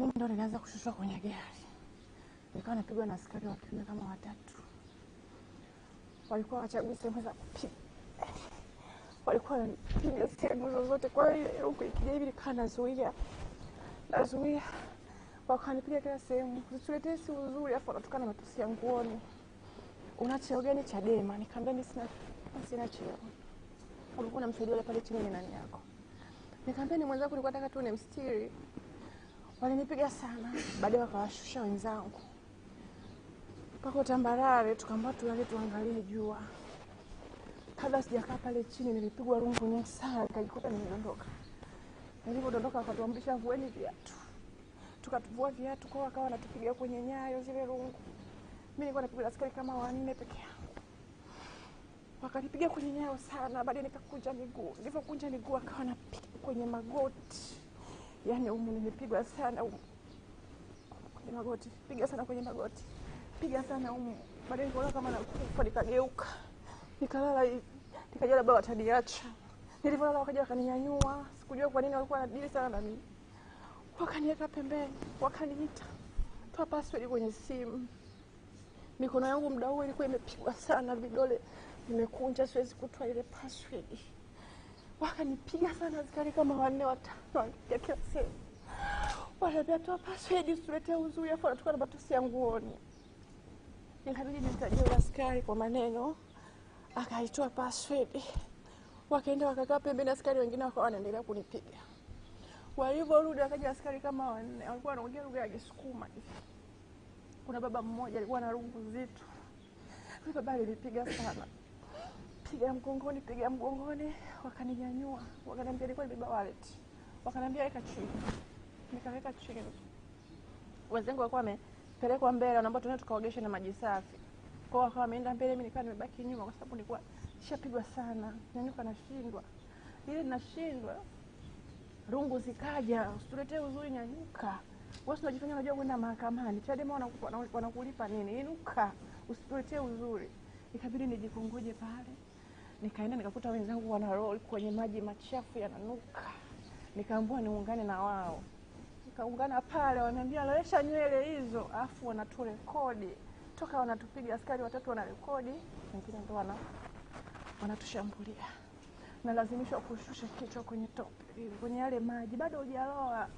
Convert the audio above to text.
Mimi ndo nilianza kushushwa kwenye gari, nikawa napigwa na askari wa kiume kama watatu, walikuwa wachagui sehemu za kupiga, walikuwa wanapiga sehemu zozote. Kwa hiyo ikija hivi nikawa nazuia nazuia, wakanipiga kila sehemu, situletee si uzuri, afu wanatukana matusi ya nguoni, una cheo gani Chadema? Nikaambia mi sina sina cheo. Ulikuwa unamsaidia yule pale chini, ni nani yako? Nikaambia ni mwenzako, nilikuwa nataka tu nimstiri walinipiga sana, baadaye wakawashusha wenzangu pako tambarare, tukaambao tulale tuangalie jua. Kabla sijakaa pale chini, nilipigwa rungu nyingi sana, nikajikuta nimedondoka. Nilipodondoka wakatuamrisha vueni viatu, tukatuvua viatu kwao, wakawa wanatupiga kwenye nyayo zile rungu. Mi nilikuwa napigwa askari kama wanne peke yangu, wakanipiga kwenye nyayo sana, baadaye nikakunja miguu. Nilivyokunja miguu, akawa napiga kwenye magoti yani humu nimepigwa sana umu kwenye magoti, piga sana kwenye magoti, piga sana humu. Baadaye nikaona kama nakufa, nikageuka, nikalala hivi, nikaja labda wataniacha. Nilivyolala wakaja wakaninyanyua, sikujua kwa nini walikuwa wanadili sana na mimi, wakaniweka pembeni, wakaniita toa password kwenye simu. Mikono yangu muda huo ilikuwa imepigwa sana, vidole vimekunja, siwezi kutoa ile password wakanipiga sana askari kama wanne watano ya kila siku, wananiambia toa password usiletee uzuri, afu anatuka na matusi ya nguoni. Nikabidi nitajia ule askari kwa maneno, akaitoa password, wakaenda wakakaa pembeni, askari wengine wakawa wanaendelea kunipiga. Walivyorudi wakaja askari kama wanne, walikuwa wanaongea lugha ya Kisukuma. hivi Kuna baba mmoja alikuwa na rungu zito, baba alinipiga sana piga mgongoni, piga mgongoni, wakaninyanyua, wakaniambia nilikuwa nibeba wallet, wakaniambia weka chini, nikaweka chini. Wenzangu walikuwa wamepelekwa mbele, wanaomba tuende tukaogeshe na maji safi kwao, wakawa wameenda mbele, mimi nikawa nimebaki nyuma, kwa sababu nilikuwa shapigwa sana, nyanyuka nashindwa, ile nashindwa. Rungu zikaja, usituletee uzuri, nyanyuka wewe, unajifanya unajua kwenda mahakamani, Chadema wanakulipa nini? Inuka, usituletee uzuri. Ikabidi nijikunguje pale nikaenda nikakuta wenzangu wanaroli kwenye maji machafu yananuka, nikaambua niungane na wao, nikaungana pale, wanaambia loesha nywele hizo, afu wanaturekodi toka wanatupiga, askari watatu wanarekodi, wengine ndo wana wanatushambulia, nalazimishwa kushusha kichwa kwenye tope, kwenye yale maji, bado hujaloa.